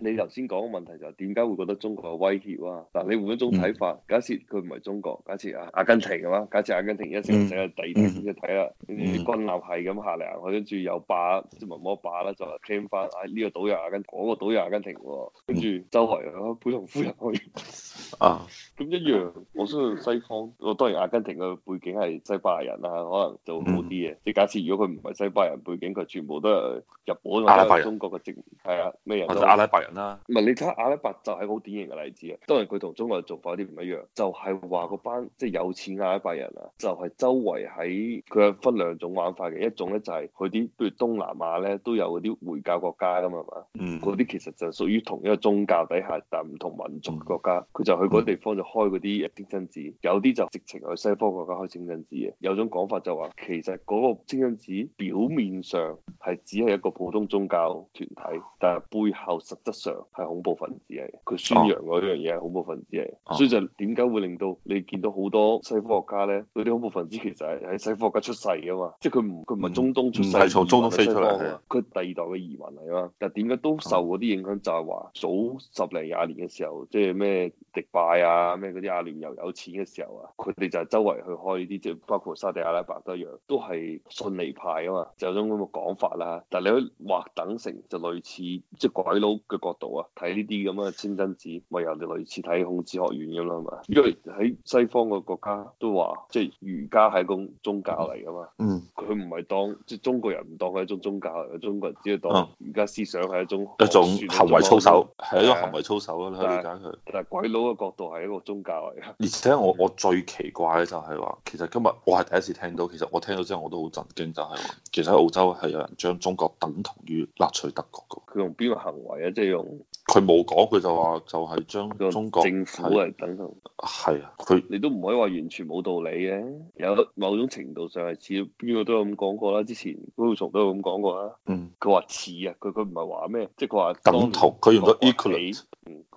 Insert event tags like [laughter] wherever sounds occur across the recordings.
你頭先講嘅問題就係點解會覺得中國係威脅啊？嗱，你換一種睇法，假設佢唔係中國，假設啊阿根廷啊嘛，假設阿根廷一成日整下地嘅睇啦，軍立係咁下嚟下去，跟住有霸即文摸霸啦，就話聽翻，哎、啊、呢、呢個那個島有阿根廷，嗰個島有阿根廷喎，跟住周圍啊普通夫人去 [laughs] 啊，咁一樣。我相信西方，我當然阿根廷嘅背景係西班牙人啊，可能就好啲嘅。嗯、即係假設如果佢唔係西班牙人背景，佢全部都係入咗中國嘅殖民，係啊咩人阿拉伯人。啦，唔係你睇阿拉伯就係好典型嘅例子啊。當然佢同中國嘅做法有啲唔一樣，就係話嗰班即係、就是、有錢阿拉伯人啊，就係、是、周圍喺佢有分兩種玩法嘅。一種咧就係去啲，譬如東南亞咧都有嗰啲回教國家噶嘛，嗰啲、嗯、其實就屬於同一個宗教底下，但唔同民族國家，佢、嗯、就去嗰啲地方就開嗰啲清真寺，有啲就直情去西方國家開清真寺嘅。有種講法就話，其實嗰個清真寺表面上，係只係一個普通宗教團體，但係背後實質上係恐怖分子嚟。佢宣揚嗰樣嘢係恐怖分子嚟，啊、所以就點解會令到你見到好多西科學家咧？嗰啲恐怖分子其實係喺西科學家出世噶嘛，即係佢唔佢唔係中東出世，唔係從中東飛出嚟嘅，佢第二代嘅移民嚟嘛。但係點解都受嗰啲影響？啊、就係話早十零廿年嘅時候，即係咩？迪拜啊，咩嗰啲阿聯酋有錢嘅時候啊，佢哋就係周圍去開呢啲，即係包括沙地阿拉伯都一樣，都係遜尼派啊嘛，就有種咁嘅講法啦。但係你去話等成就類似，即係鬼佬嘅角度啊，睇呢啲咁嘅清真寺，咪又係類似睇孔子學院咁咯嘛。因為喺西方嘅國家都話，即係儒家係一種宗教嚟噶嘛。嗯。佢唔係當即係中國人唔當係一種宗教，中國人只係當儒家思想係一種，一種，啊、種一種行為操守，係、啊、一種行為操守咯。你可以理解佢。但係鬼佬。個角度係一個宗教嚟，而且我我最奇怪咧就係話，其實今日我係第一次聽到，其實我聽到之後我都好震驚，就係，其實喺澳洲係有人將中國等同於納粹德國噶。佢用邊個行為啊？即係用佢冇講，佢就話就係將中國政府嚟等同。係啊，佢你都唔可以話完全冇道理嘅，有某種程度上係似，邊個都有咁講過啦。之前高耀叢都有咁講過啦。嗯。佢話似啊，佢佢唔係話咩，即係佢話等同，佢用咗 equivalent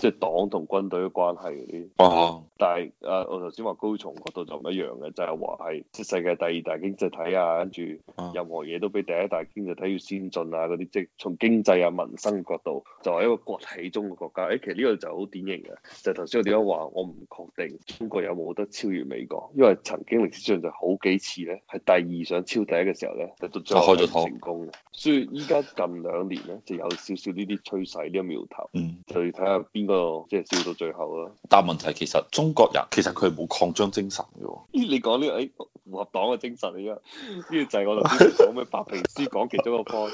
即係黨同軍隊嘅關係嗰啲，但係誒我頭先話高層角度就唔一樣嘅，就係話係即係世界第二大經濟體啊，跟住任何嘢都比第一大經濟體要先進啊嗰啲，即係從經濟啊民生角度就係一個崛起中嘅國家。誒，其實呢個就好典型嘅，就頭先我點樣話，我唔確定中國有冇得超越美國，因為曾經歷史上就好幾次咧係第二想超第一嘅時候咧，就都最後唔成功。所以依家近兩年咧就有少少呢啲趨勢、呢啲苗頭，就要睇下邊。即係、oh, 笑到最後咯，但係問題其實中國人其實佢係冇擴張精神嘅喎。咦、這個？你講呢個誒，共和黨嘅精神嚟噶？呢個就係我頭先講咩白皮書講 [laughs] 其中一個 point。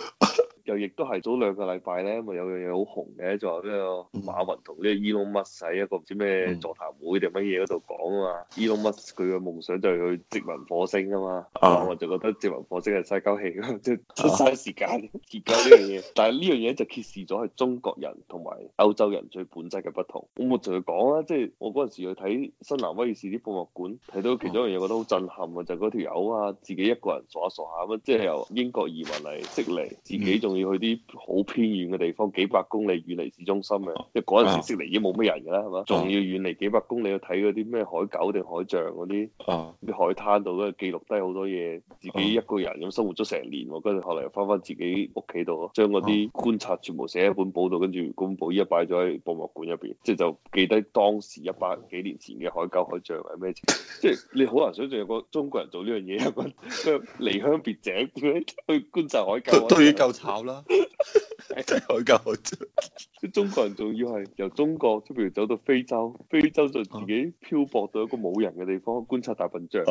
又亦都係早兩個禮拜咧，咪有樣嘢好紅嘅，就話咩啊？馬雲同呢個伊隆麥氏一個唔知咩座談會定乜嘢嗰度講啊嘛？伊隆麥佢嘅夢想就係去殖民火星啊嘛、uh. 嗯，我就覺得殖民火星係嘥鳩氣，即係嘥時間研究呢樣嘢。但係呢樣嘢就揭示咗係中國人同埋歐洲人最本質嘅不同。咁、mm. 我同佢講啊，即、就、係、是、我嗰陣時去睇新南威爾士啲博物館，睇到其中一樣嘢，覺得好震撼啊！就嗰條友啊，自己一個人傻下傻下咁，即、就、係、是、由英國移民嚟悉尼。自己仲，Mm. 要去啲好偏遠嘅地方，幾百公里遠離市中心嘅，即係嗰陣時悉尼已經冇乜人㗎啦，係嘛？仲要遠離幾百公里去睇嗰啲咩海狗定海象嗰啲，啲、啊、海灘度，都記錄低好多嘢，自己一個人咁生活咗成年，跟住後嚟又翻返自己屋企度，將嗰啲觀察全部寫喺本簿度，跟住本簿依家擺咗喺博物館入邊，即係就記得當時一百幾年前嘅海狗、海象係咩？即係、啊、你好難想象有個中國人做呢樣嘢，一個離鄉別井去觀察海狗。都要夠慘。啦， [laughs] 真係好中國人仲要係由中國，即譬如走到非洲，非洲就自己漂泊到一個冇人嘅地方，觀察大笨象，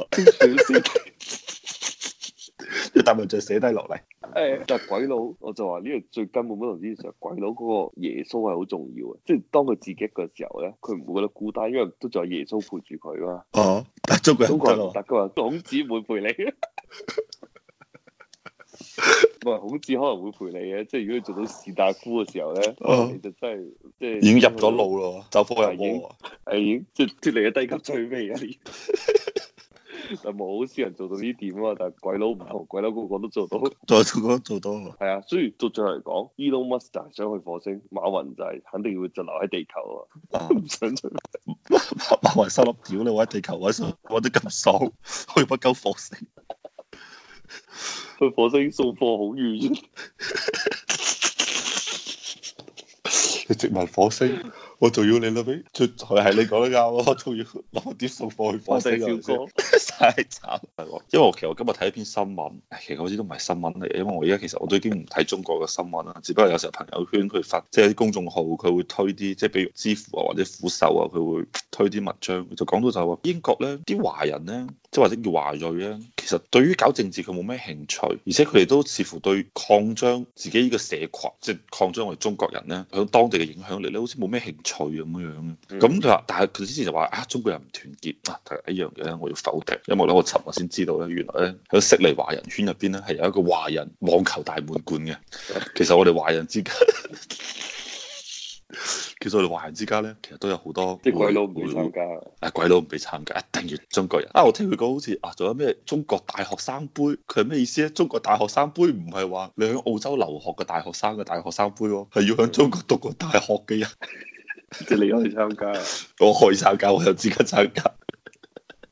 大笨象寫低落嚟。誒、 [laughs] [laughs] [laughs] 哎，但鬼佬我就話呢個最根本嗰度，事實上鬼佬嗰個耶穌係好重要啊！即、就、係、是、當佢自己一個嘅時候咧，佢唔會覺得孤單，因為都仲有耶穌陪住佢啊嘛。哦、啊，但係中國，中國人孔子會陪你。 [laughs] [laughs] 唔係孔子可能會陪你嘅，即係如果你做到士大夫嘅時候咧，哦，就真係即係已經入咗路咯，走火入魔，係已經即係脫離嘅低級趣味啊！但係冇好少人做到呢點啊，但係鬼佬唔同，鬼佬個個都做到，都都個都做到。係啊，所以最後嚟講，Elon Musk 就係想去火星，馬雲就係肯定要就留喺地球啊，唔 [laughs] 想出嚟。馬雲收粒屌你我喺地球，我想玩得咁爽，去不鳩火星。去火星送貨好遠，你殖民火星。我仲要你咯，俾出係你講得啱，我仲要攞啲數貨去放，太慘係喎。因為我其實我今日睇一篇新聞，其實好似都唔係新聞嚟。因為我依家其實我都已經唔睇中國嘅新聞啦，只不過有時候朋友圈佢發，即係啲公眾號佢會推啲，即係比如知乎啊或者虎嗅啊，佢會推啲文章。就講到就話英國咧，啲華人咧，即係或者叫華裔咧，其實對於搞政治佢冇咩興趣，而且佢哋都似乎對擴張自己依個社群，即係擴張我哋中國人咧，喺當地嘅影響力咧，好似冇咩興趣咁樣，咁佢話，但係佢之前就話啊，中國人唔團結啊，但係一樣嘢咧，我要否定，因為咧我尋日先知道咧，原來咧喺悉尼華人圈入邊咧係有一個華人網球大滿貫嘅，其實我哋華人之間， [laughs] 其實我哋華人之間咧，其實都有好多，啲鬼佬唔參加，啊、參加，啊鬼佬唔俾參加，一定要中國人啊！我聽佢講好似啊，仲有咩中國大學生杯，佢係咩意思咧？中國大學生杯唔係話你喺澳洲留學嘅大學生嘅大學生杯喎，係要喺中國讀過大學嘅人。即係你可以參加，我可以參加，我又自己參加。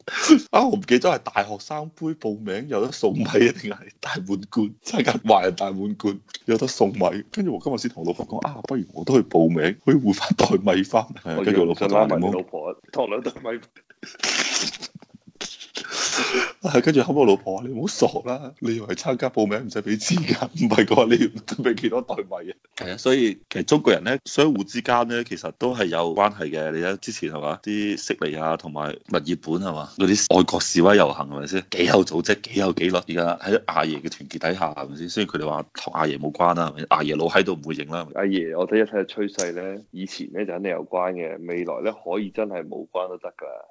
[laughs] 啊，我唔記得係大學生杯報名有得送米，一定係大滿貫參加壞人大滿貫有得送米。跟住我今日先同我老婆講，啊，不如我都去報名，可以換翻袋米翻。我跟住老婆，同兩袋米飯。 [laughs] 跟住後尾老婆，你唔好傻啦，你以為參加報名唔使俾錢㗎？唔係㗎，你要俾幾多代幣啊？係啊，所以其實中國人咧相互之間咧，其實都係有關係嘅。你睇之前係嘛啲悉尼啊，同埋墨爾本係嘛嗰啲外國示威遊行係咪先？幾有組織，幾有紀律。而家喺阿爺嘅團結底下係咪先？雖然佢哋話同阿爺冇關啊，阿爺老喺度唔會認啦。阿爺，我睇一睇嘅趨勢咧，以前咧就肯定有關嘅，未來咧可以真係冇關都得㗎。